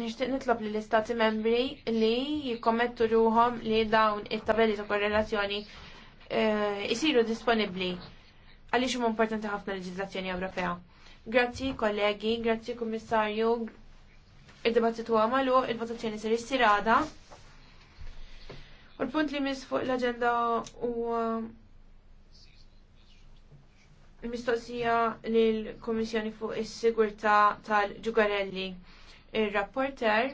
nixtieq nitlob li l-Istati membri li jikkommettu ruhom li dawn it-tabelli ta' korrelazzjoni jisiru eh, disponibbli għaliex huma importanti ħafna leġiżlazzjoni Ewropea. Grazzi kollegi, grazzi kummissarju, id-dibattitu għamalu, il-votazzjoni ser issir għada. U l-punt li mis fuq l-agenda u mistoqsija lill-Kummissjoni fuq is-Sigurtà tal-Ġugarelli. Il-rapporter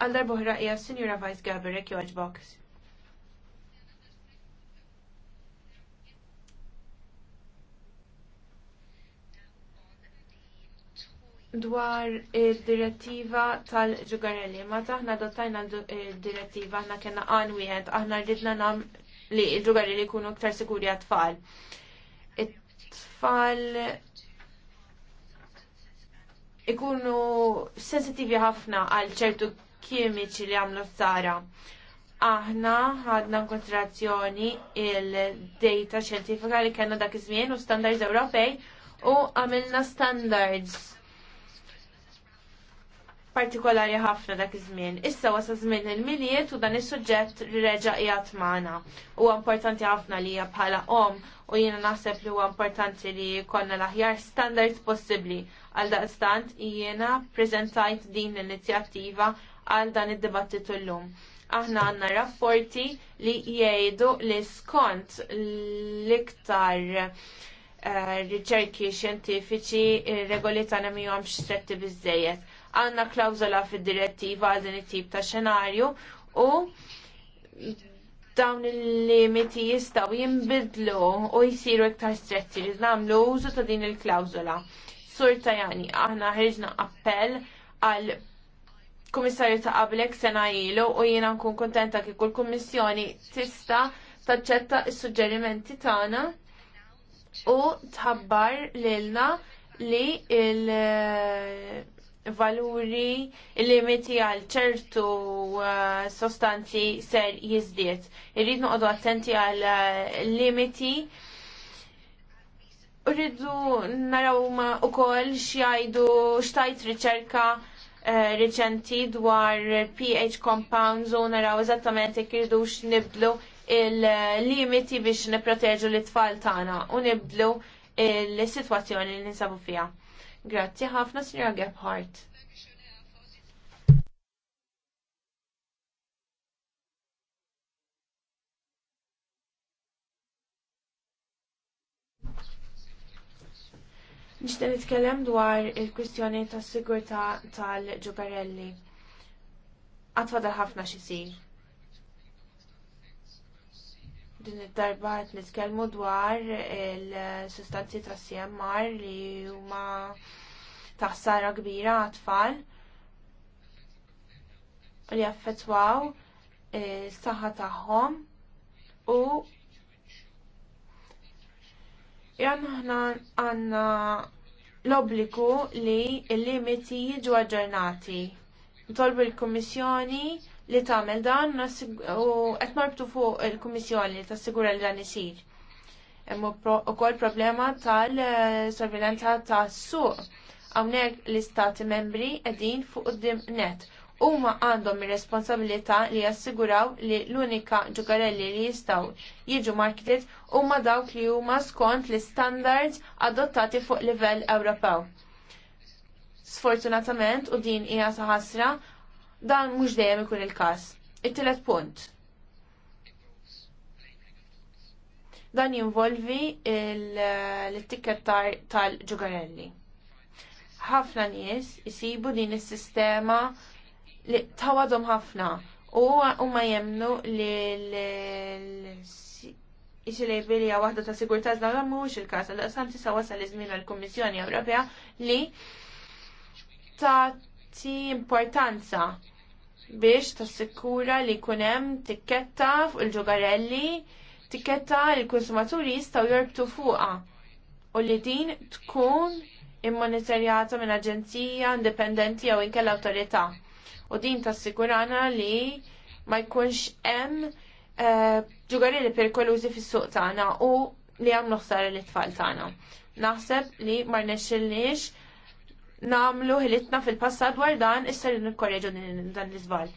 għal darbohra hija Sinjura Vice jo joġbok. Dwar il-direttiva tal-ġugarelli, ma taħna dottajna il-direttiva, aħna kena għan wieħed, aħna rridna nam li il-ġugarelli kunu ktar siguri għat-tfal. It-tfal ikunu sensitivi ħafna għal ċertu kimiċi li għamlu s-sara. Aħna ħadna konsiderazzjoni il-data xjentifika li kellna dak iż-żmien u standards Ewropej u għamilna standards partikolari ħafna dak iż-żmien. Issa wasa żmien il-miliet u dan is-suġġett reġa' qiegħed magħna. Huwa importanti ħafna li hija bħala om u jiena naħseb li huwa importanti li jkollna l-aħjar standards possibbli. Għal daqstant jiena preżentajt din l-inizjattiva għal dan id-dibattitu llum. Aħna għandna rapporti li jgħidu li skont l-iktar eh, riċerki xjentifiċi regoli tagħna mihomx stretti biżejjed għandna klawżola fid-direttiva għal din it-tip ta' xenarju u dawn il-limiti jistaw jimbidlu u jisiru iktar stretti li namlu użu ta' din il-klawzola. Sur tajani, aħna ħirġna appell għal komissarju ta' qablek sena ilu u jiena nkun kontenta kif kull kommissjoni tista' taċċetta s-suġġerimenti tagħna u tħabbar lilna li il- valuri limiti għal ċertu uh, sostanzi ser jizdiet. Irrid noqogħdu attenti għal uh, limiti Rridu naraw ma u koll xjajdu xtajt riċerka uh, riċenti dwar pH compounds u naraw eżattament jekk irridu nibdlu il-limiti biex niproteġu l-tfal tagħna u nibdlu il-sitwazzjoni li ninsabu fiha. Grazzi ħafna, Sinjora Gebhardt. Nixten nitkellem dwar il-kwistjoni tas sigurtà tal-ġugarelli. Għatfadal ħafna xisir din id-darba qed nitkellmu dwar il-sustanzi ta' CMR li huma ta' taħsara kbira għat-tfal li affettwaw is-saħħa tagħhom u jan ħna għandna l-obbligu li l-limiti jiġu aġġornati. Tolbu l-Kummissjoni li tagħmel dan u qed marbtu fuq il-Kummissjoni li tassigura li dan isir. Hemm ukoll problema tal-sorveljanza tas-suq. Hawnhekk l-istati membri qegħdin fuq qudiem net. Huma għandhom ir-responsabilità li jassiguraw li l-unika ġugarelli li jistgħu jiġu marketed huma dawk li huma skont l-standards adottati fuq livell Ewropew. Sfortunatament u din hija saħasra dan mhux dejjem ikun il-każ. It-tielet punt. Dan jinvolvi l-tikket tal-ġugarelli. Ħafna nies isibu din is-sistema li tawadhom ħafna u huma jemnu li l-isilabilija waħda ta' sigurtà dan mhuwiex il-każ, għal sam tisa' wasal iż-żmien għall-Kummissjoni Ewropea li ta' Ti importanza biex tassikura li jkun hemm tikketta fuq il-ġugarelli, tikketta li l-konsumaturi jistgħu jorbtu fuqha u li din tkun immonitorjata minn aġenzija indipendenti jew l awtorità. U din tassikurana li ma jkunx hemm eh, ġugarelli perikolużi fis-suq tagħna u li għamlu ħsara l-tfal tagħna. Naħseb li ma rnexxilniex namlu ħilitna fil-passat dwar dan issa li nikkorreġu dan l-iżbal.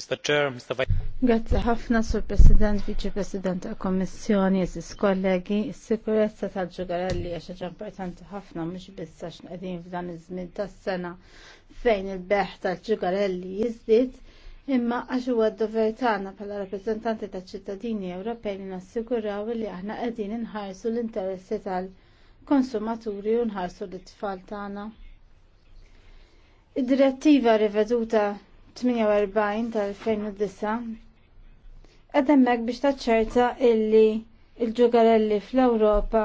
Mr. Chair, Mr. Vice Grazie ħafna sur President, Vice President ta' Kommissjoni, eżis kollegi, s-sikurezza ta' ġugarelli għax ħaġa importanti ħafna mhux biss għax qegħdin f'dan iż-żmien tas-sena fejn il-beħ tal-ġugarelli jiżdied, imma għax huwa d-dover tagħna bħala rappreżentanti taċ ċittadini Ewropej li nassiguraw li aħna qegħdin inħarsu l-interessi tal-konsumaturi u nħarsu l-tfal tagħna. Id-direttiva riveduta 48 tal-2009 għademmek biex taċċerta illi il-ġugarelli fl-Europa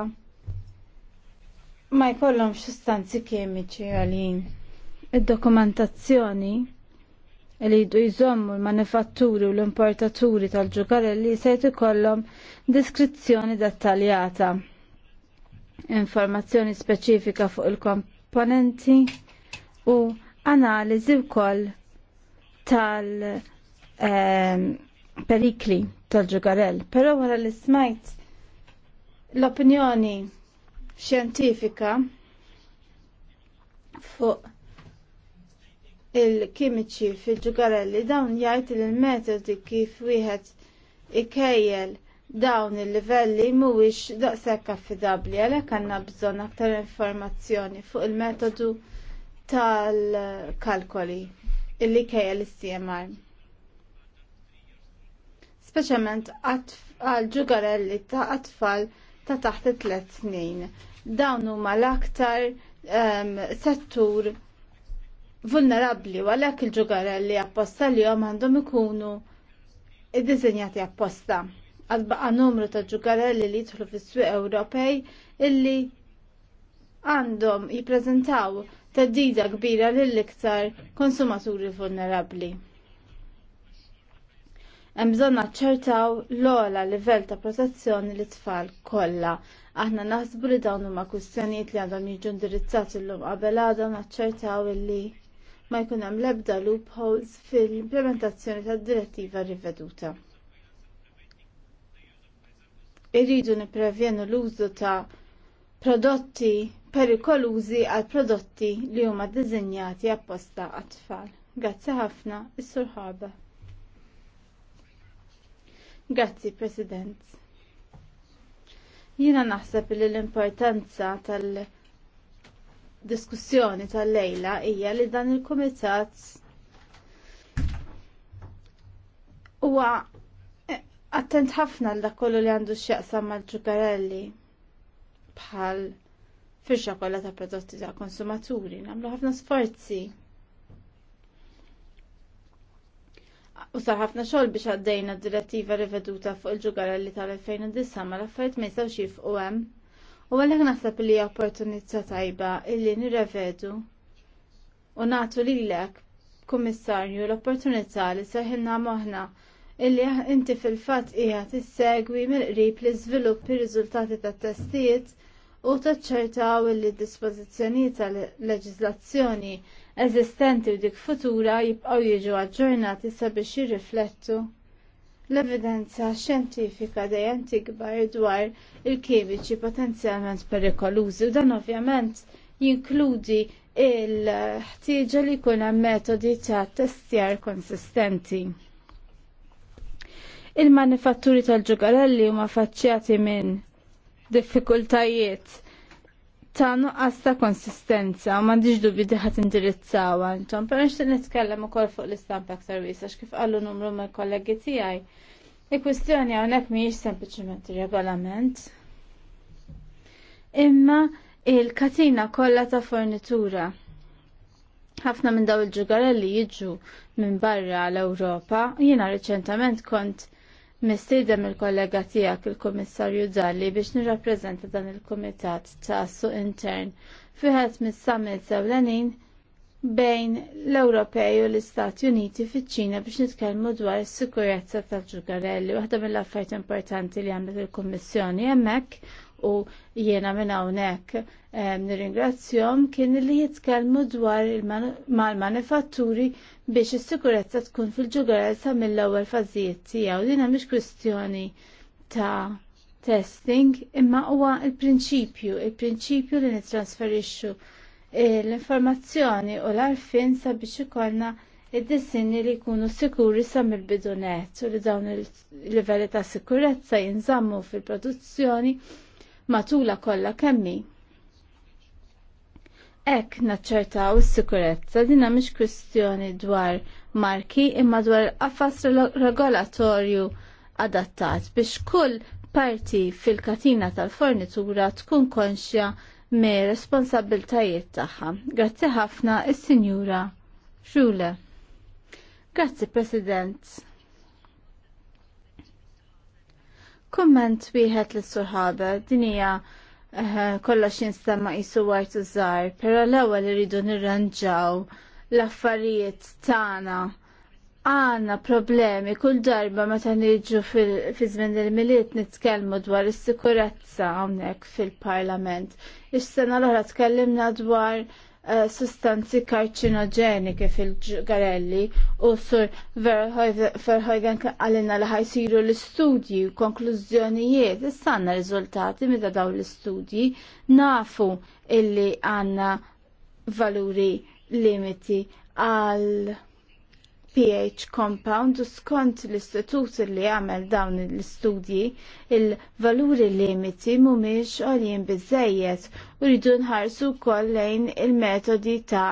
ma jkollhom sustanzi kemiċi għalin. Id-dokumentazzjoni li jdu jżommu l-manifatturi u l-importaturi tal-ġugarelli se kollom deskrizzjoni dettaljata, informazzjoni speċifika fuq il-komponenti u analiżi wkoll tal-perikli ehm, tal-ġugarell. Però wara li smajt l-opinjoni xjentifika fuq il-kimiċi fil-ġugarelli dawn jgħid li l-metodi kif wieħed ikejjel dawn il-livelli mhuwiex daqshekk affidabbli għalhekk għandna bżonn aktar informazzjoni fuq il-metodu tal-kalkoli illi kajja l-CMR. Speċjalment għal ġugarelli ta' għatfall ta' taħt tliet snin. Dawn huma l-aktar um, settur vulnerabli u għalhekk il-ġugarelli apposta li jom għandhom ikunu id-dizinjati apposta. Għadbaqa numru ta' ġugarelli li jidħlu fis-swieq Ewropej illi għandhom jippreżentaw teddida kbira lill-iktar konsumaturi vulnerabbli. Hemm bżonn naċċertaw l-ogħla livell ta' protezzjoni li tfal kollha. Aħna naħsbu li dawn huma kwistjonijiet li għandhom jiġu indirizzati llum qabel għadha naċċertaw illi ma jkun hemm l-ebda loopholes fil-implementazzjoni tad-direttiva riveduta. Irridu nipprevjenu l-użu ta' prodotti perikolużi għal prodotti li huma ddiżinjati apposta għat-tfal. Grazzi ħafna, is-Sur Ħarba. Grazzi, President. Jiena naħseb li l-importanza tal-diskussjoni tal-lejla hija li dan il-Kumitat huwa attent ħafna l kollu li għandu x'jaqsam mal-ġugarelli bħal firxa kollha ta' prodotti ta' konsumaturi, nagħmlu ħafna sforzi. U sar ħafna xogħol biex għaddejna d-direttiva riveduta fuq il-ġugara li tal-2009 ma l-affarijiet ma jistgħux jifqu hemm. U għalhekk naħseb li opportunità tajba illi nirrevedu u nagħtu lilek kummissarju l-opportunità li seħilna moħħna illi inti fil-fatt qiegħed tissegwi mill-qrib li żviluppi ir-riżultati tat-testijiet u taċċertaw li dispożizzjonijiet tal-leġiżlazzjoni eżistenti u dik futura jibqgħu jiġu aġġornati sabiex jirriflettu l-evidenza xjentifika dejjem tikbar dwar il-kimiċi potenzjalment perikolużi u dan ovvjament jinkludi il-ħtieġa li jkun hemm metodi ta' testjar konsistenti. Il-manifatturi tal-ġugarelli huma faċċjati minn diffikultajiet ta' nuqqas ta' konsistenza, ma' diġ dubi diħat indirizzawa. Ġon, per nix nitkellem u kol fuq l-istamp aktar wisa, xkif għallu numru me kollegi tijaj. Il-kwistjoni għonek miġ sempliciment regolament. Imma il-katina kollha ta' fornitura. Ħafna minn daw il-ġugarelli jiġu minn barra l-Ewropa. Jiena reċentament kont mistiedem il-kollega tiegħek il-Kummissarju Dalli biex nirrappreżenta dan il-Kumitat ta' Suq Intern fiħed mis-summit sewlenin bejn l-Ewropej u l-Istati Uniti fiċ-Ċina biex nitkellmu dwar is-sikurezza tal-ġugarelli. Waħda mill-affarijiet importanti li għamlet il-Kummissjoni hemmhekk u jiena minn hawnhekk nirringrazzjom kien li jitkellmu dwar mal-manifatturi biex is-sikurezza tkun fil-ġugarezza mill-ewwel fażijiet tiegħu. Dina mhix kwistjoni ta' testing imma huwa il-prinċipju, il-prinċipju li nitrasferixxu l-informazzjoni u l-arfin sabiex ikollna id-dissinni li jkunu sikuri sa mill-bidunet u li dawn il-livelli ta' sikurezza jinżammu fil-produzzjoni matula kollha kemmi. Ek naċċertaw is-sikurezza dinha mhix kwistjoni dwar marki imma dwar qafas regolatorju adattat biex kull parti fil-katina tal-fornitura tkun konxja me responsabiltajiet tagħha. Grazzi ħafna is-Sinjura Xule. Grazzi President. Komment wieħed li surħaba din hija eh, kollox jinstema jisu għart użar, pero l-ewwel irridu nirranġaw l-affarijiet tagħna għanna problemi kull darba meta nirġu fil-żmien fi żmien il-miliet nitkellmu dwar is-sikurezza hawnhekk fil-Parlament. Ix-sena l-oħra tkellimna dwar Eh, sustanzi karċinoġeniki fil ġarelli u sur Verhoeven għalina li ħajsiru l-istudji u konklużjonijiet. Issa għanna riżultati meta daw l-istudji nafu illi għanna valuri limiti għal pH compound u skont l-istitut li għamel dawn l-istudji il-valuri limiti mumiex għoljen bizzejiet u rridu nħarsu koll lejn il-metodi ta'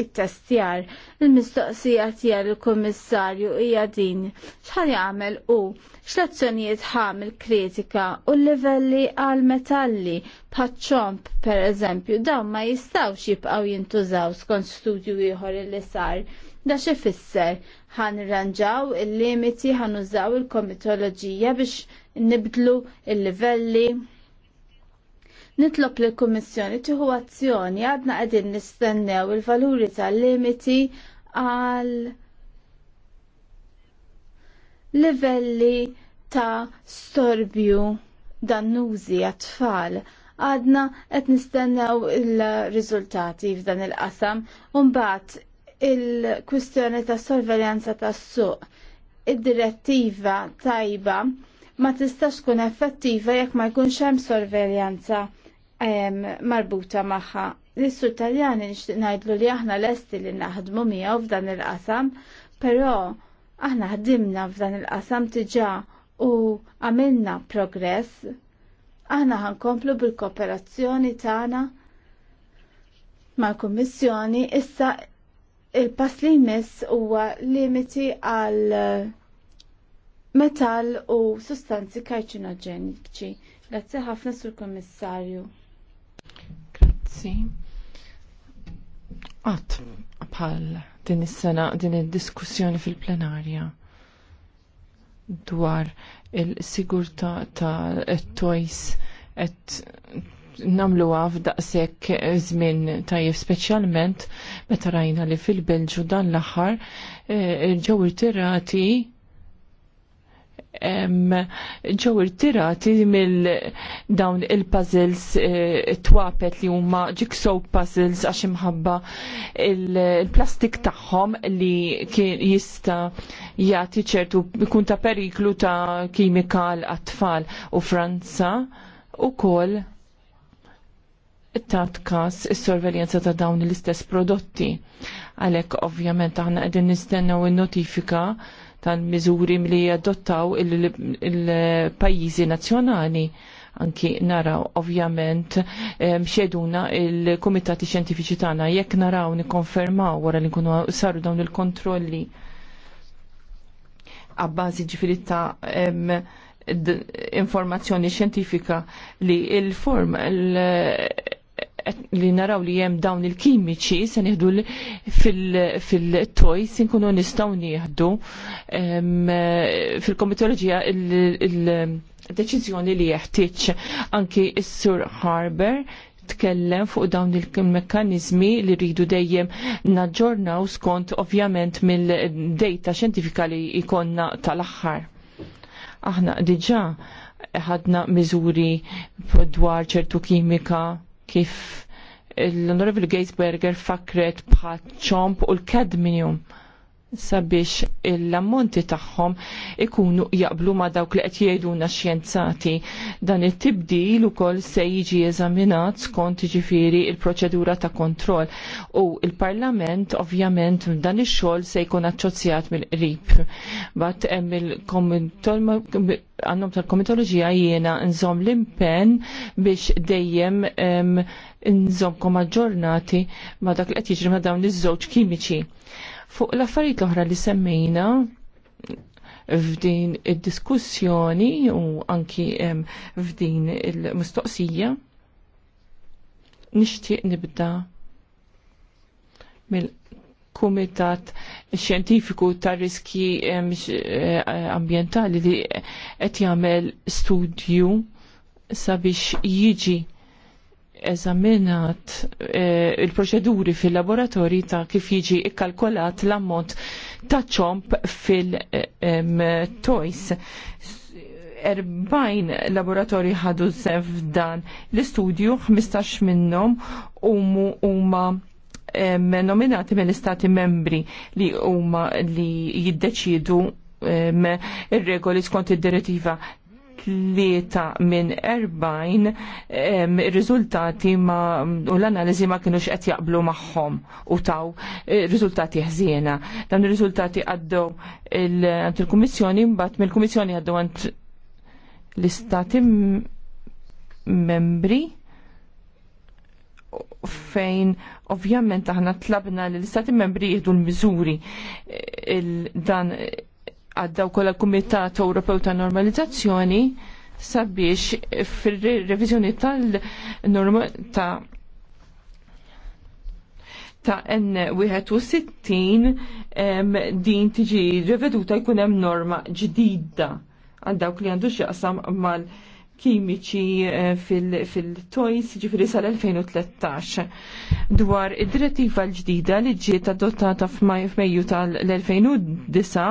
it-testjar. Il-mistoqsija tiegħi il kummissarju hija din x'ħal jagħmel hu x'lezzjonijiet ħamil kritika u l-livelli għal metalli paċċomp pereżempju dawn ma jistgħux jibqgħu jintużaw skont studju ieħor li sar. Da xi fisser ħan irranġaw il-limiti ħan użaw il-komitoloġija biex nibdlu il-livelli il livelli Nitlob li l-Kummissjoni tieħu azzjoni għadna qegħdin nistennew il-valuri tal-limiti għal livelli ta' storbju dannużi għat-tfal għadna qed nistennew il-riżultati f'dan il-qasam u mbagħad il-kwistjoni ta' sorveljanza tas-suq. Id-direttiva tajba ma tistax tkun effettiva jekk ma jkunx hemm sorveljanza marbuta magħha. l taljani nixtieq ngħidlu li aħna lesti li naħdmu miegħu f'dan il-qasam, però aħna ħdimna f'dan il-qasam diġà u għamilna progress. Aħna ħankomplu bil-kooperazzjoni tagħna mal-Kummissjoni issa il-pass li jmiss huwa limiti għal metall u sustanzi karċinoġeniċi. Grazzi ħafna sur kommissarju. Grazzi. Għat, bħal din is-sena din id-diskussjoni fil-plenarja dwar il-sigurta ta' il tojs et namlu għaf daqsek zmin tajjeb specialment meta rajna li fil-Belġu dan l-axar eh, ġew tirrati ġew irtirati mill dawn il-puzzles eh, twapet li huma jigsaw puzzles għax imħabba il-plastik tagħhom li kien jista jagħti ċertu ikun ta' periklu ta' kimikal għat-tfal u Franza ukoll tat is-sorveljanza ta' dawn l-istess prodotti. Għalhekk ovvjament aħna qegħdin nistennew in-notifika tal-miżuri li adottaw il-pajjiżi nazzjonali anki naraw ovvjament xeduna il-komitati xjentifiċi tagħna jekk naraw nikkonfermaw wara li nkunu saru dawn il-kontrolli għabbażi ġifiri ta' informazzjoni xjentifika li il-form il li naraw li jem dawn il-kimiċi se nieħdu fil-tojs inkunu nistgħu nieħdu fil-komitoloġija il-deċiżjoni li jeħtieġ anki s-Sur Harbor tkellem fuq dawn il-mekkanizmi li rridu dejjem naġġornaw skont ovvjament mill-data xjentifika li jkollna tal-aħħar. Aħna diġà ħadna miżuri dwar ċertu kimika kif l-Onorevoli Gatesberger fakret bħat ċomp u l-kadminium sabiex l-ammonti tagħhom ikunu jaqblu ma' dawk li qed jgħiduna xjenzati. Dan it-tibdil ukoll se jiġi eżaminat skont ġifiri il-proċedura ta' kontroll u il-Parlament ovvjament dan ix-xogħol se jkun aċċozzjat mill-qrib. Bat hemm il-għandhom tal-komitoloġija jiena nżomm l-impenn biex dejjem nżommkom aġġornati ma' dak li qed jiġri ma' dawn iż-żewġ kimiċi Fuq l-affarijiet l-oħra li semmejna f'din id-diskussjoni u anki f'din il-mistoqsija, nixtieq nibda mill-Kumitat Xjentifiku tar riski ambjentali li qed jagħmel studju sabiex jiġi eżaminat eh, il-proċeduri fil-laboratori ta' kif jiġi ikkalkolat l-ammont ta' ċomp fil-toys. 40 laboratori ħadu sef dan l-istudju, 15 minnom huma nominati mill-istati membri li huma li jiddeċidu il regoli skont id-direttiva tlieta minn erbajn ir-riżultati ma u l-analiżi ma kienux qed jaqblu magħhom u taw eh, riżultati ħżiena. Dan ir-riżultati għaddew il-Kummissjoni mbagħad mill-Kummissjoni għaddew għand l-istati membri fejn ovvjament aħna tlabna l-istati membri jieħdu l-miżuri dan għaddaw kolla l-Kumitat Ewropew ta' Normalizzazzjoni sabiex fil-revizjoni tal-norma ta' ta' N61 din tiġi riveduta jkun hemm norma ġdida għal dawk li għandu x'jaqsam mal kimiċi eh, fil-tojs ġifiri sal-2013 dwar id-direttiva l-ġdida li ġiet adottata f'Mejju tal-2009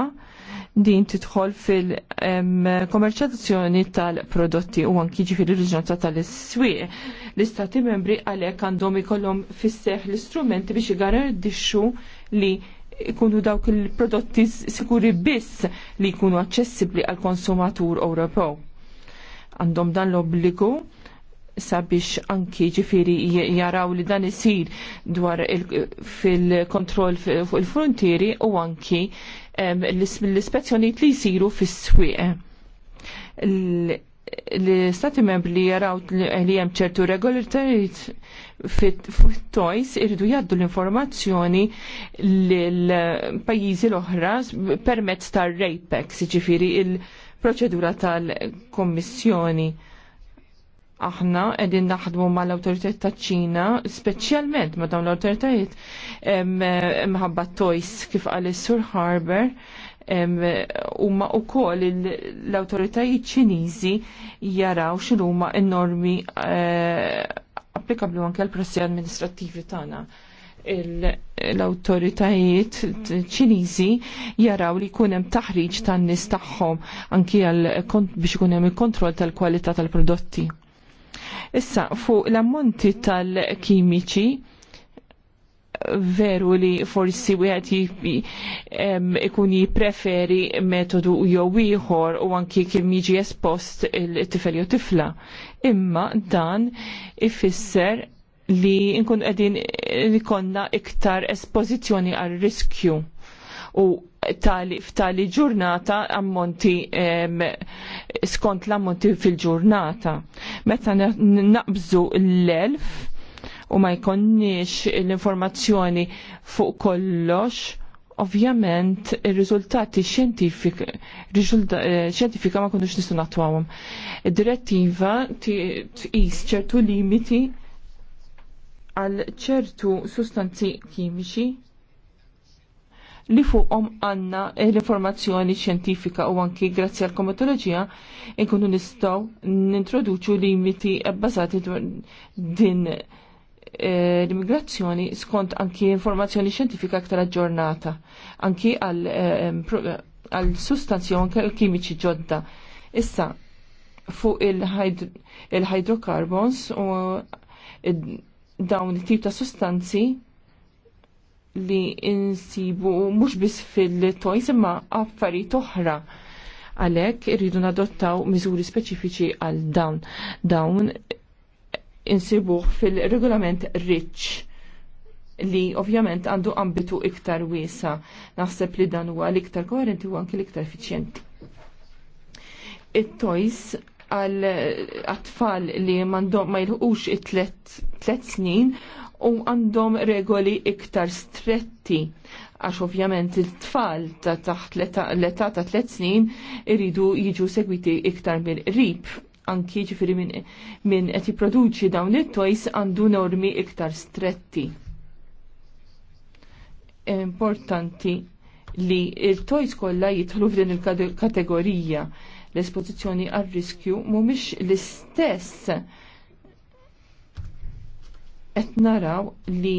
din tidħol fil komerċazzjoni tal-prodotti u anki ġifiri l-ġnata tal-iswieq. L-istati membri għalek għandhom ikollhom fisseħ l-istrumenti biex jgarantixxu li ikunu dawk il-prodotti sikuri biss li jkunu aċċessibbli għal konsumatur Ewropew. Għandhom dan l-obbligu sabiex anki ġifiri jaraw li dan isir dwar fil-kontroll fuq il-frontieri u anki l-ispezzjoniet li jisiru fis-swieq. l istati membri li jaraw li hemm ċertu regolaritariet fit-tojs irridu jaddu l-informazzjoni l-pajjiżi l-oħra permezz tar-rejpex, ġifiri il- proċedura tal-kommissjoni aħna edin naħdmu ma l-autoritet ta' ċina, specialment ma dawn l autoritet mħabba tojs kif għalli sur Harbor, ma u kol l autoritet ċinizi jaraw xil ma enormi eh, applikablu anke l prossi amministrativi tagħna l-autoritajiet ċiniżi jaraw li jkun hemm taħriġ tan-nies tagħhom anki biex ikun hemm il-kontroll tal-kwalità tal-prodotti. Issa, fuq l-ammonti tal-kimiċi, veru li forsi wieħed ikun jipreferi metodu jew ieħor u anki kien jiġi espost il-tifel jew tifla. Imma dan ifisser li nkun qegħdin li konna iktar espożizzjoni għal riskju u tali ġurnata ammonti skont l-ammonti fil-ġurnata. Meta naqbżu l-elf u ma jkonniex l-informazzjoni fuq kollox, ovvjament il-riżultati eh, xjentifika ma kondux nistu natwawum. Id-direttiva tqis ċertu limiti għal ċertu sustanzi kimiċi li fuqhom għandna l-informazzjoni xjentifika u anki grazzi għal komatoloġija nkunu nistgħu nintroduċu limiti bbażati din eh, l-immigrazzjoni skont anki informazzjoni xjentifika aktar aġġornata anki għal eh, sustanzi u kimiċi ġodda. Issa fuq il-hydrocarbons u eh, dawn it-tip ta' sustanzi li insibu mhux biss fil toys imma affarijiet oħra. Għalhekk irridu nadottaw miżuri speċifiċi għal dawn. Dawn insibuh fil-regolament rich li ovvjament għandu ambitu iktar wiesa. Naħseb li dan huwa l-iktar koerenti u anki l-iktar effiċjenti. It-tojs għal tfal li mandom ma jilħuqux it-tlet snin u għandhom regoli iktar stretti għax ovvjament il-tfal ta' taħt l-età ta' tliet snin iridu jiġu segwiti iktar mill qrib anki ġifiri minn qed jipproduċi dawn it-tojs għandu normi iktar stretti. Importanti li il-tojs kollha jidħlu f'din il-kategorija l-espożizzjoni għal riskju mhumiex l-istess qed naraw li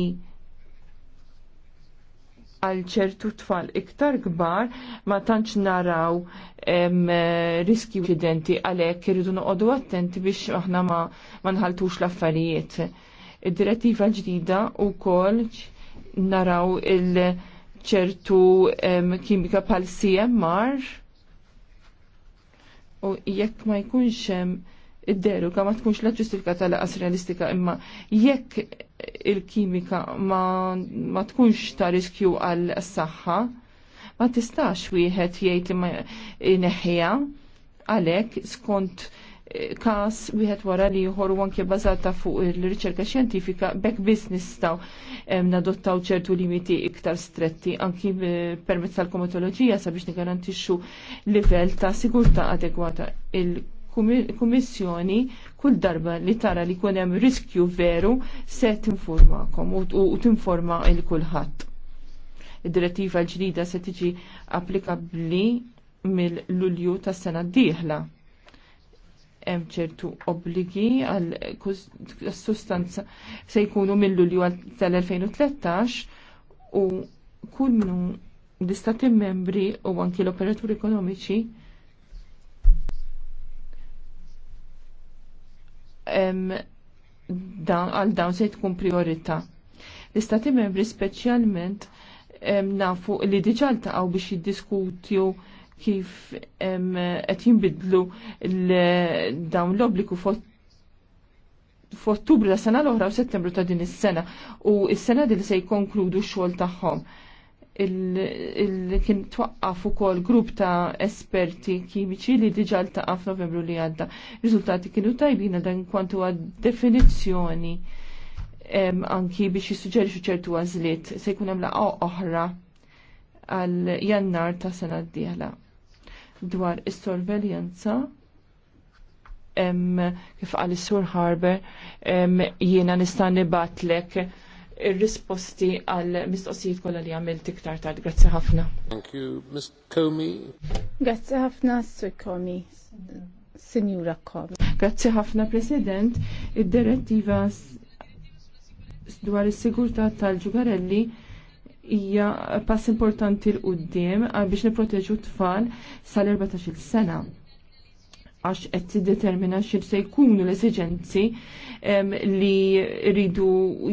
għal ċertu tfal iktar kbar ma tantx naraw riski incidenti għalhekk irridu noqogħdu attenti biex aħna ma, ma nħaltux l-affarijiet. Id-direttiva ġdida wkoll naraw il-ċertu kimika pal CMR u jekk ma jkunx hemm id-deruga ma tkunx la tal laqas realistika imma jekk il-kimika ma, ma tkunx ta' riskju għal saħħa ma tistax wieħed jgħid li ma għalhekk skont eh, kas wieħed wara li jħor anke bażata fuq il-riċerka xjentifika bekk biss nistgħu nadottaw ċertu limiti iktar stretti anki eh, permezz tal-komatoloġija sabiex nigarantixxu livell ta' sigurtà adegwata il- kummissjoni kull darba li tara li kunem hemm riskju veru se tinformakom u tinforma il kulħadd. Id-direttiva ġdida se tiġi applikabbli mill-Lulju tas-sena d-dieħla hemm ċertu obbligi għal sustanza se jkunu mill-Lulju tal-2013 u kull l-istati membri u anki l-operaturi ekonomiċi għal dawn se tkun priorità. L-istati membri speċjalment nafu li diġà ltaqgħu biex jiddiskutju kif qed jinbidlu dawn l obbliku f'Ottubru ta' sena l-oħra u Settembru ta' din is-sena u s-sena din se jkonkludu x-xogħol tagħhom il-kien twaqqaf ukoll grupp ta' esperti kimiċi li diġà ltaqa' f'Novembru li għadda. Riżultati kienu tajbin dan kwantu għad definizzjoni anki biex jissuġġerixu ċertu għażliet se jkun hemm laqgħa oħra għal jannar ta' sena d-dieħla dwar is-sorveljanza kif qal is-Sur Harbor jiena nista' nibatlek ir-risposti għal mistoqsijiet kollha li għamilt iktar tard. Grazzi ħafna. Thank you, Ms. Comey. Grazzi ħafna, Sir Comey. Signora Comey. Grazzi ħafna, President. Id-direttiva dwar is-sigurtà tal-ġugarelli hija pass importanti l-qudiem biex niproteġu t-tfal sal-14 sena għax qed tiddetermina xir se jkunu l-esiġenzi li rridu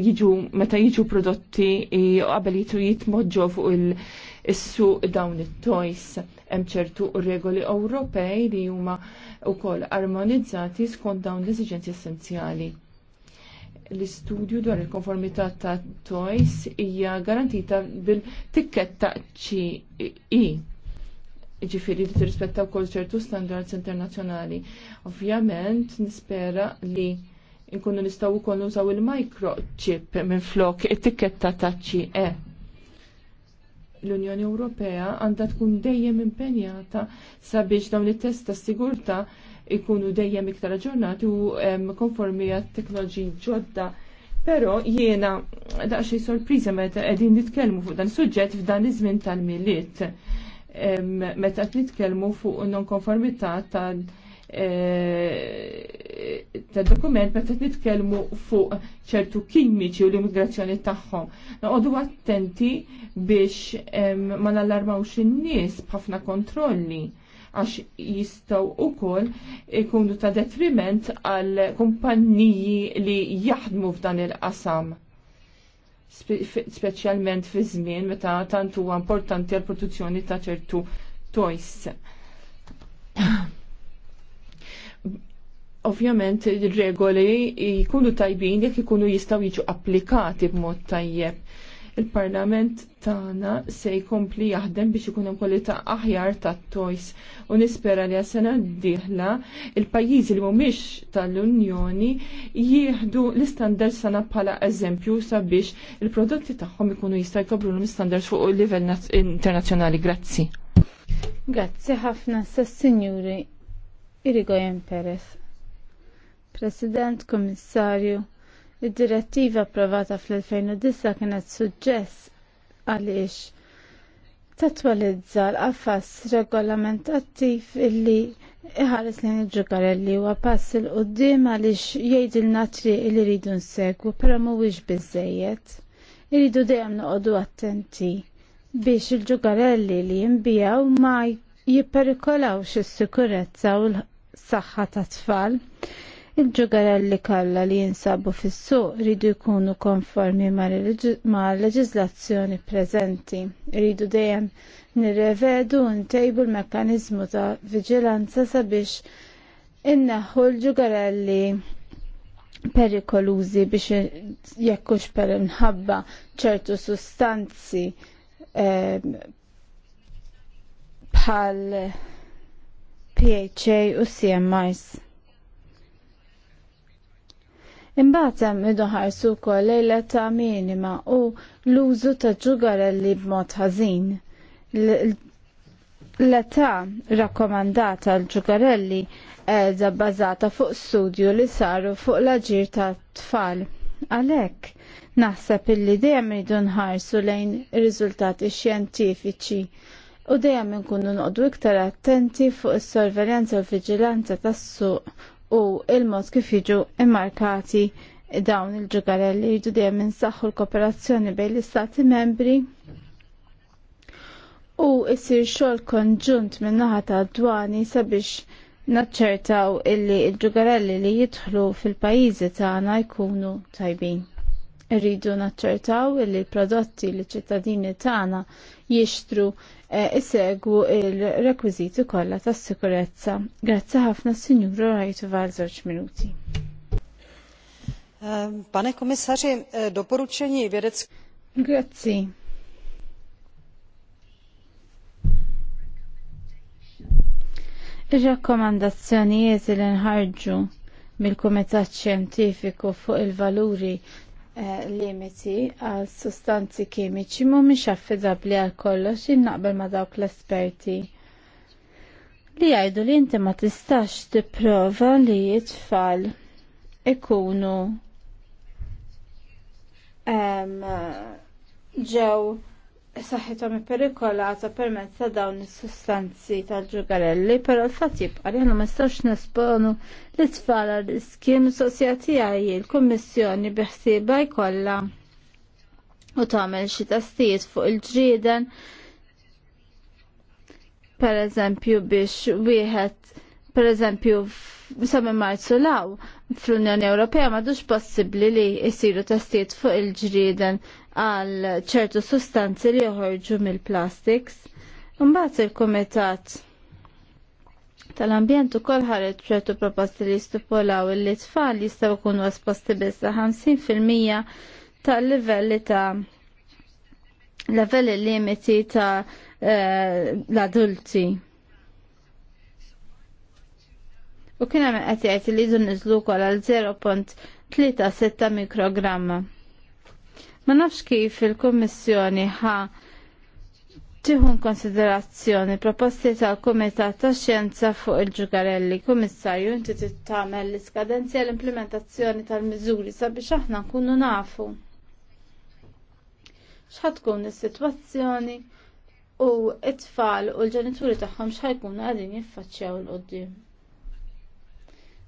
jiġu meta jiġu prodotti qabel jitu jitmoġġo fuq il-suq dawn it-toys. Hemm ċertu regoli Ewropej li huma wkoll armonizzati skont dawn l-esiġenzi essenzjali. L-istudju dwar il-konformità ta' toys hija garantita bil-tikketta CE ġifiri li tirrispetta wkoll ċertu standards internazzjonali. Ovvjament nispera li nkunu nistgħu wkoll nużaw il-microchip minn flok it ta' ċie. L-Unjoni Ewropea għandha tkun dejjem impenjata sabiex dawn it-test ta' sigurtà jkunu dejjem iktar aġġornati u konformi għat-teknoloġiji ġodda. Però jiena daqsxejn sorpriża meta qegħdin nitkellmu fuq dan suġġett f'dan iż-żmien tal-miliet meta nitkellmu fuq non-konformità tal e, tal-dokument meta nitkellmu fuq ċertu kimiċi u l-immigrazzjoni tagħhom. Noqogħdu attenti biex ma nallarmawx in-nies b'ħafna kontrolli għax jistaw u ikunu ta' detriment għal kumpanniji li jaħdmu f'dan il-qasam speċjalment fi żmien meta tant huwa importanti għal produzzjoni ta' ċertu toys. Ovvjament ir regoli jkunu tajbin jekk ikunu jistgħu jiġu applikati b'mod tajjeb il-Parlament tagħna se jkompli jaħdem biex ikun hemm kwalità aħjar tat-tojs u nispera li għas-sena d-dieħla il-pajjiżi li mhumiex tal-Unjoni jieħdu l istandards sana bħala eżempju sabiex il-prodotti tagħhom ikunu jista' jkobru l-istandard fuq il-livell internazzjonali. Grazzi. Grazzi ħafna sas-Sinjuri Irigoyen Perez. President, Kommissarju, Id-direttiva approvata fl-2009 kienet suġġess għaliex tatwalizza l-qafas regolamentattiv illi iħares lejn il-ġugarelli huwa pass il qoddim għaliex jgħidilna triq li rridu nsegwu però mhuwiex biżejjed. Irridu dejjem noqogħdu attenti biex il-ġugarelli li jinbijaw ma jipperikolawx is-sikurezza u l-saħħa tat tfal il-ġugarelli kollha li jinsabu fis-suq ridu jkunu konformi ma' leġizlazzjoni prezenti Ridu dejjem nirrevedu ntejbu l-mekkaniżmu ta' viġilanza sabiex inneħħu l-ġugarelli perikolużi biex jekkux per imħabba ċertu sustanzi eh, bħal PHA u CMIs. Imbagħad hemm iduħarsu wkoll lejla ta' minima u l-użu ta' ġugarelli b'mod ħażin. L-età rakkomandata l ġugarelli qiegħda bbażata fuq studju li saru fuq l-aġir ta' tfal. Għalhekk, naħseb illi dejjem rridu nħarsu lejn ir-riżultati xjentifiċi u dejjem inkunu noqdu iktar attenti fuq is-sorveljanza u l-viġilanza tas-suq u il-mod kif jiġu immarkati dawn il-ġugarelli jridu dejjem insaħħu l-kooperazzjoni bejn l-istati membri u jsir xogħol konġunt min-naħa tad dwani sabiex naċċertaw illi l-ġugarelli li jidħlu fil-pajjiżi tagħna jkunu tajbin. Irridu naċċertaw illi l-prodotti li ċittadini tagħna jixtru Eh, isegwu il-rekwiziti kollha ta' sikurezza Grazzi ħafna Sinjura Rajtu għal żewġ minuti. Eh, pane komisarze, eh, doporučení vědecké. Grazie. il rakkomandazzjonijiet li nħarġu mill-Kumitat Xjentifiku fuq il-valuri Eh, limiti għal sustanzi kimiċi mhumiex affidabbli għal kollox innaqbel ma' dawk l-esperti li jgħidu li inti ma tistax tipprova li jitfall ikunu ġew saħħithom ipperikolata permezz ta' dawn is-sustanzi tal-ġugarelli, però l-fatt jibqa' li ma nistgħux nesponu l-itfal għal riski mistoqsijati għajji l-Kummissjoni biħsieba jkollha u tagħmel xi tastijiet fuq il-ġrieden per eżempju biex wieħed per eżempju semmi marzu law fl-Unjoni Ewropea madux possibbli li jisiru testijiet fuq il-ġrieden għal ċertu sustanzi li joħorġu mill-plastiks. Mbagħad il-Kumitat tal-ambjent ukoll ħareġ ċertu proposti li il li tfal jistgħu jkunu esposti biss 50% tal-livelli ta' livelli limiti ta' eh, l-adulti. u kien hemm qed jgħid li jdu niżlu wkoll għal 0.36 mikrogramma. Ma nafx kif il-Kummissjoni ħa tieħu konsiderazzjoni proposti tal-Kumitat ta' Xjenza fuq il-Ġugarelli. Kummissarju, inti tagħmel l-iskadenzi għall implementazzjoni tal-miżuri sabiex aħna nkunu nafu. tkun is-sitwazzjoni u t tfal u l-ġenituri tagħhom x'ħajkunu għadin jiffaċċjaw l-qudiem.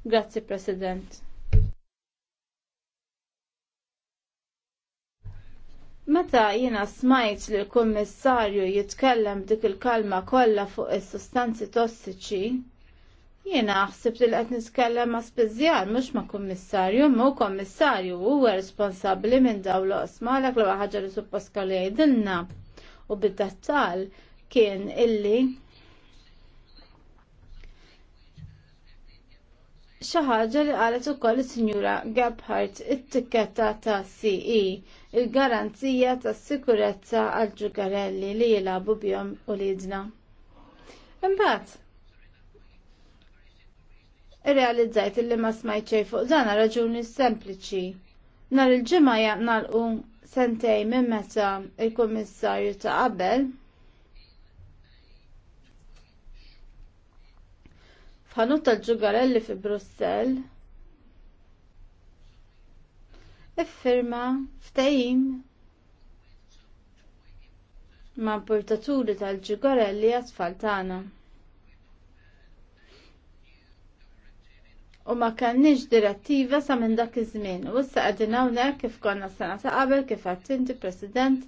Grazzi President. Meta jiena smajt li l-Kummissarju jitkellem dik il-kalma kollha fuq is-sustanzi tossiċi, jiena ħsib li qed nitkellem ma' spizzjar mhux ma' kummissarju, ma' kummissarju huwa responsabbli minn dawn l-oqsma għalhekk l ħaġa li suppost kellu jgħidilna u bid-dettal kien illi xi ħaġa li qalet ukoll is-Sinjura Gebhardt it-tikketta ta' CE il-garanzija tas-sikurezza għal ġugarelli li jilagħbu bihom u lidna. Imbagħad, irrealizzajt li ma smajt xejn fuq dana raġuni sempliċi. Nar il-ġimgħa nagħlqu sentej minn meta il-kummissarju ta' qabel f'ħanut tal-ġugarelli fi Brussell iffirma ftajim ma' portaturi tal-ġugarelli asfaltana. tagħna. U ma kanniġ direttiva sa minn dak iż-żmien. U issa qegħdin hawnhekk kif konna sena ta' qabel kif qed inti President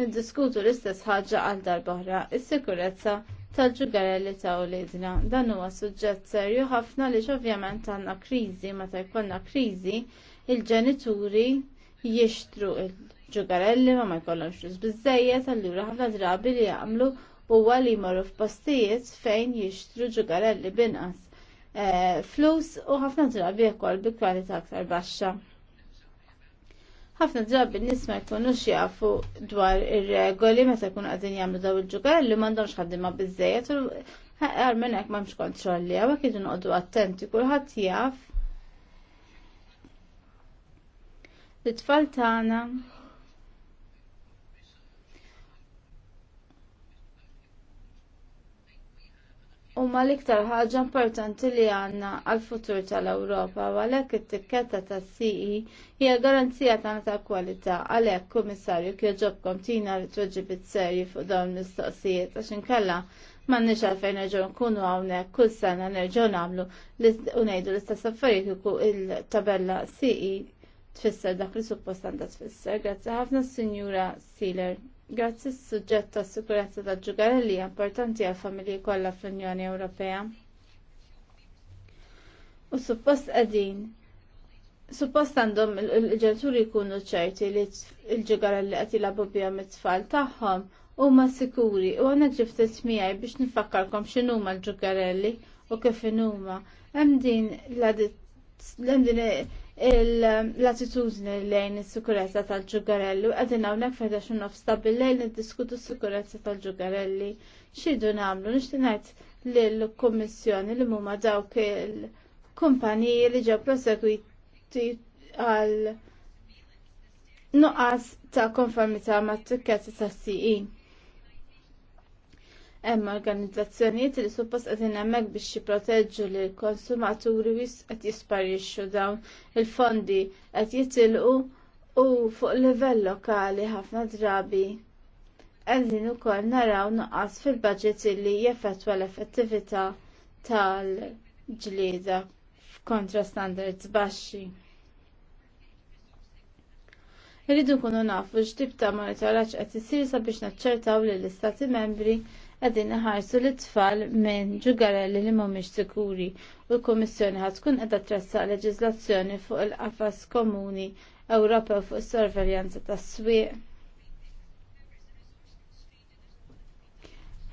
niddiskutu l-istess ħaġa għal darba oħra, is-sikurezza tal-ġugarelli ta' lidna. Dan huwa suġġett serju ħafna li ovvjament għandna kriżi meta jkollna kriżi il-ġenituri jixtru il-ġugarelli ma ma jkollhomx flus biżejjed allura ħafna drabi li jagħmlu huwa li jmorru f'postijiet fejn jixtru ġugarelli binqas eh, flus u ħafna drabi jkoll bi kwalità aktar baxxa ħafna drabi nisma jkunux jafu dwar ir-regoli meta jkunu għadin jagħmlu daw il-ġugar li xħaddim ħaddimha bizzejet u għarmen hekk m'hemmx kontrolli hawnhekk idu noqogħdu attenti kulħadd jaf. L-tfal tagħna huma l-iktar ħaġa importanti li għandna għall futur tal-Ewropa u għalhekk it-tikketta tas-CE hija garanzija tagħna ta' kwalità għalhekk Kummissarju kieġobkom tina li tweġibit serji fuq dawn l-mistoqsijiet għax inkella m'għandniex għalfejn nerġgħu nkunu hawnhekk kull sena nerġgħu nagħmlu u ngħidu l-istess affarijiet kieku il-tabella CE tfisser dak li suppost għandha tfisser. Grazzi ħafna Sinjura Sealer. Grazzi s-suġġett ta' sikurezza ta' ġugar li importanti għal familji kollha fl-Unjoni Ewropea. U suppost qegħdin Suppost għandhom il ġenturi jkunu ċerti li l ġugarelli li qed jilagħbu bihom it-tfal tagħhom huma sikuri u għandek ġiftet miegħi biex nifakkarkom x'inhuma l-ġugarelli u kif inhuma. Hemm din l-hemm din l-attitudni lejn is-sikurezza tal-ġugarelli u qegħdin hawnhekk fejda xi nofs bil-lejl niddiskutu s-sikurezza tal-ġugarelli. Xidu nagħmlu nixtieq ngħid lill-Kummissjoni li huma dawk il-kumpaniji li ġew prosegwiti għal nuqqas ta' konformità mat-tikketti tas-CE. Hemm organizzazzjonijiet li suppost qed hemmhekk biex jipproteġġu lill konsumaturi wis qed jisparixxu dawn il-fondi qed jitilqu u fuq livell lokali ħafna drabi. Qegħdin ukoll naraw nuqqas fil-budget li jeffettwa l-effettività tal-ġlieda kontra standards baxxi. Irridu nkunu nafu x'tip ta' monitoraġġ qed isir sabiex naċċertaw lill istati membri qegħdin iħarsu l tfal minn ġugarelli li mhumiex sikuri u l-Kummissjoni ħad tkun qed tressaq leġiżlazzjoni fuq il-qafas komuni Ewropew fuq is-sorveljanza tas-swieq.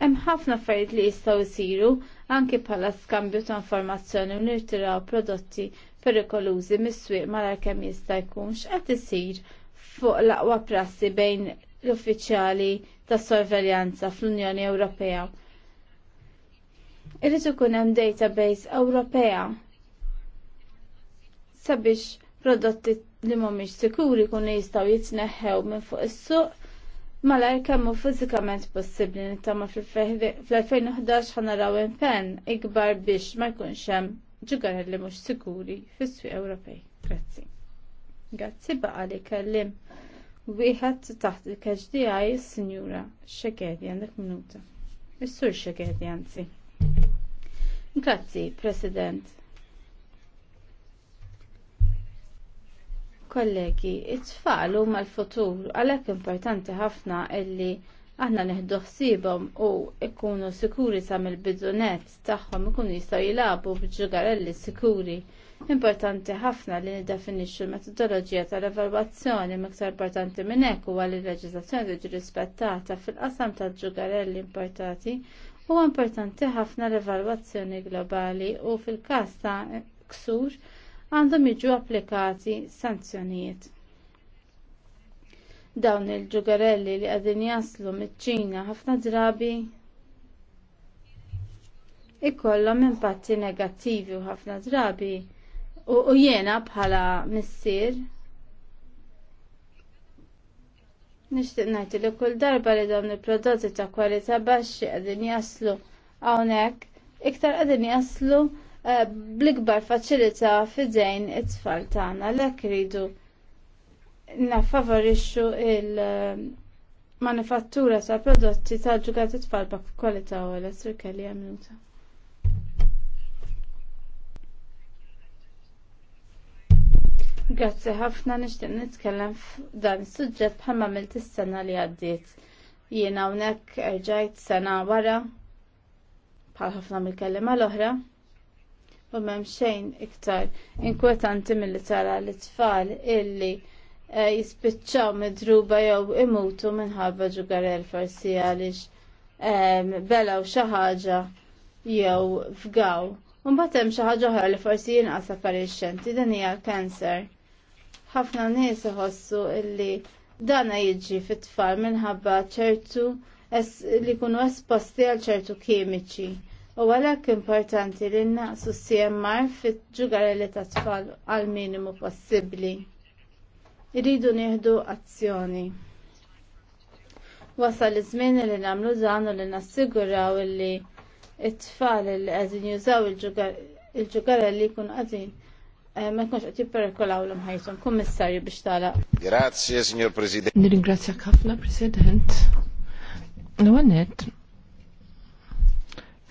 Hemm ħafna affarijiet li jistgħu jsiru anke bħala skambju ta' informazzjoni u nirtiraw prodotti perikolużi mis-swieq mal jista' jkunx qed isir fuq l-aqwa prassi bejn l-uffiċjali tas sorveljanza fl-Unjoni Ewropea. Irrid ikun hemm database Ewropea sabiex prodotti li mhumiex sikuri jkunu jistgħu jitneħħew minn fuq is-suq Malajr kemmu fiżikament possibbli nittama fl-2011 naraw impenn ikbar biex ma jkunx hemm ġugar li mhux sikuri fis-swieq Ewropej. Grazzi. Grazzi baqa li kellim Wieħed taħt il-keġ tiegħi is-Sinjura Xekedi għandek minuta. Is-Sur Xekedi anzi. Grazzi, President. Kollegi, it-tfal huma l-futur għalhekk importanti ħafna illi aħna neħdu ħsibhom u ikunu sikuri sa mill-bidunet tagħhom ikunu jistgħu jilagħbu b'ġugarelli sikuri. sikuri Importanti ħafna li nidefinixxu l-metodoloġija tal-evalwazzjoni miktar importanti minn hekk huwa li l-leġiżlazzjoni tiġi rispettata fil-qasam tal-ġugarelli importati huwa importanti ħafna l-evalwazzjoni globali u fil-każ ta' ksur għandhom jiġu applikati sanzjonijiet dawn il-ġugarelli li qegħdin jaslu miċ-Ċina ħafna drabi ikollhom impatti negattivi u ħafna drabi U jiena bħala missier nixtieq ngħid li kull darba li dawn il-prodotti ta' kwalità baxxi qegħdin jaslu hawnhekk iktar qegħdin jaslu eh, bl-ikbar faċilità fidejn it-tfal tagħna għalhekk iridu naffavorixxu il-manifattura ta' prodotti tal-ġugat it-tfal b'kwalità u l-estrika li għamiluta. Grazzi ħafna nixtieq nitkellem f'dan is-suġġett bħalma milt is-sena li għaddiet. Jiena hawnhekk erġajt sena wara bħal ħafna mill-kelliema l-oħra u m'hemm xejn iktar inkwetanti milli tara li tfal illi eh, jispiċċaw midruba jew imutu minħabba ġugarel forsi għaliex ehm, belaw xi ħaġa jew fgaw. Mbagħad hemm xi ħaġa oħra li forsi jinqas apparixxenti din hija l-kanser ħafna nies iħossu illi dana jiġi fit-tfal minħabba ċertu li kunu esposti għal ċertu kimiċi. U għalhekk importanti li naqsu CMR fit-ġugarelli ta' tfal għal minimu possibbli. Iridu nieħdu azzjoni. Wasal iż-żmien li nagħmlu dan u li nassiguraw li t tfal li qegħdin jużaw il-ġugarelli jkun qegħdin Eh, ma jkunx qed jipperikolaw l ħajjithom. Kummissarju biex tagħlaq. Grazie, signor President. Nirringrazzjak ħafna, President. L-għanet,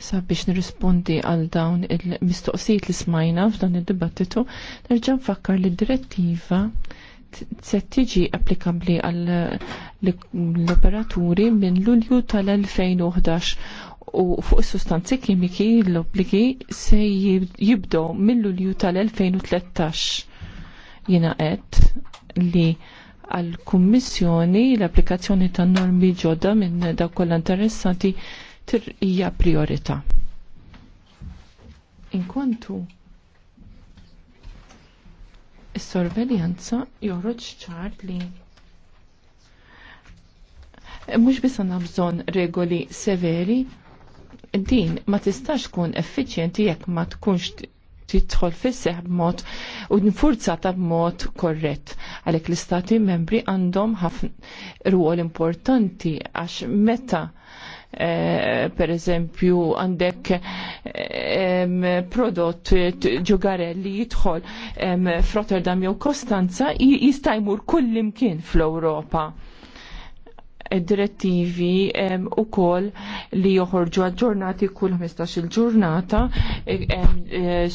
sa biex nirrispondi għal dawn il-mistoqsijiet li smajna f'dan id-dibattitu, nerġa' nfakkar li d-direttiva se tiġi applikabli għall l-operaturi minn Lulju tal-2011 u fuq is-sustanzi kimiki l-obbligi se jibdo mill-Lulju tal-2013. Jiena qed li għall-Kummissjoni l-applikazzjoni ta' normi ġodda minn dawk kollha interessati hija priorità. Inkontu is-sorveljanza joħroġ ċar li mhux biss għandna bżonn regoli severi, din ma tistax tkun effiċjenti jekk ma tkunx tidħol fisseħ b'mod u nfurzata b'mod korrett. Għalhekk l-istati membri għandhom ħafna ruol importanti għax meta eh, per eżempju għandek ehm, prodott ġugarelli jidħol f'Rotterdam ehm, jew Kostanza jista' jmur kull imkien fl-Ewropa direttivi u kol li joħorġu għal-ġurnati kull 15 il-ġurnata um,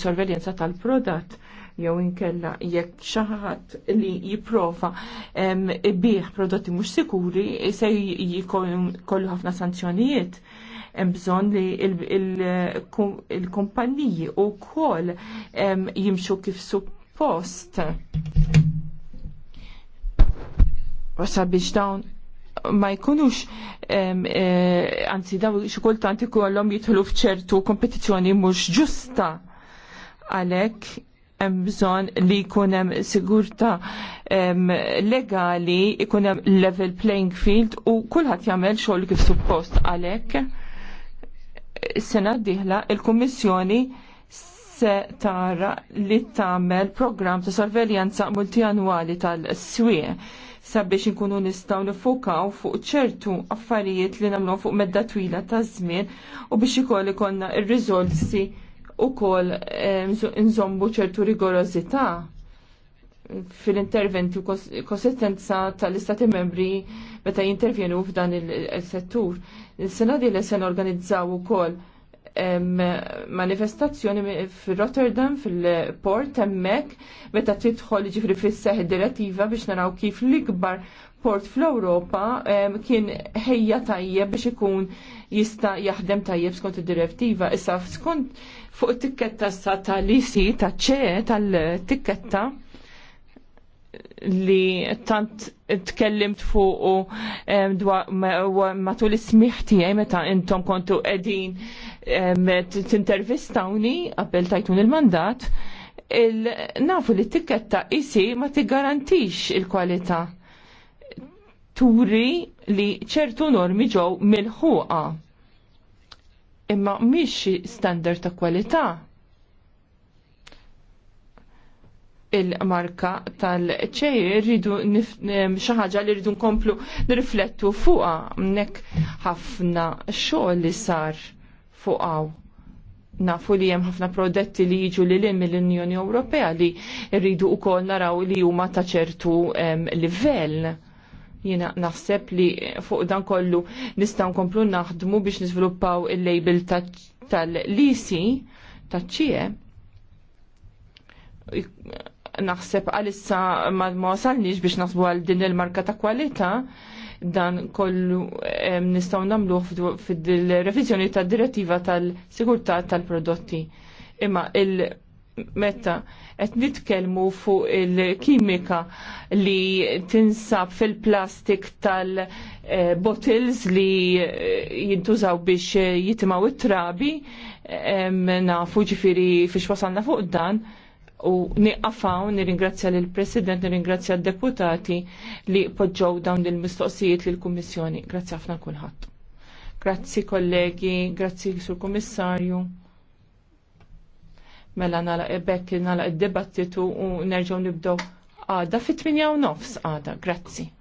sorveljenza tal-prodott jew inkella jekk xi ħadd li jipprova bih prodotti mhux sikuri se jkollu ħafna sanzjonijiet hemm bżonn li il-kumpanniji wkoll jimxu kif suppost. Wasa biex dawn ma jkunux e, anzi daw xi kultant ikollhom jidħlu f'ċertu kompetizzjoni mhux ġusta għalhekk hemm bżonn li jkun hemm sigurtà legali, jkun hemm level playing field u kulħadd jagħmel xogħol kif suppost għalhekk sena d il-Kummissjoni se tara li tagħmel programm ta' sorveljanza multianwali tal-swieq sabiex inkunu nistgħu nifukaw fuq ċertu affarijiet li namlu fuq medda twila ta' żmien u biex ikoll ikollna ir u kol eh, nżombu ċertu rigorozita fil-interventi u konsistenza tal-istati membri meta jintervjenu f'dan il-settur. Il-sena di l-sen organizzaw ukoll manifestazzjoni fil-Rotterdam fil-port emmek meta tidħol ġifri fil seħ direttiva biex naraw kif l-ikbar port fl-Europa kien ħejja tajjeb biex ikun jista' jaħdem tajjeb skont id-direttiva. Issa skont fuq it-tikketta sa tal-lisi ta' ċe tal-tikketta li tant tkellimt fuq matul is-smiħ tiegħi meta intom kontu qegħdin tintervistawni qabel tajtun il-mandat, nafu li t tiketta isi ma tiggarantix il-kwalità turi li ċertu normi ġew mill-ħuqa imma mhix standard ta' kwalità il-marka tal-ċej rridu xaħġa li rridu nkomplu nirriflettu fuqa nek ħafna xogħol li sar fuqaw nafu li hemm ħafna prodetti li jiġu li lin mill-Unjoni Ewropea li rridu wkoll naraw li huma ta' ċertu livell. Jiena naħseb li fuq dan kollu nistgħu nkomplu naħdmu biex niżviluppaw il-label tal-lisi taċ-ċie naħseb għalissa ma wasalniex biex naħsbu għal din il-marka ta' kwalità dan kollu nistgħu nagħmluh fil revizjoni tad direttiva tal-sigurtà tal-prodotti. Imma il- meta qed nitkellmu fuq il-kimika li tinsab fil-plastik tal-bottles li eh, jintużaw biex jitimaw it-trabi nafu ġifiri fiex wasalna fuq dan u niqafaw nirringrazzja lill president nirringrazzja d-deputati li podġow dawn il-mistoqsijiet lill kummissjoni Grazzi ħafna kulħadd. Grazzi kollegi, grazzi sur Kommissarju. Mela nala ebbek, nala id-debattitu u nerġgħu nibdew għada fit-8 nofs għada. Grazzi.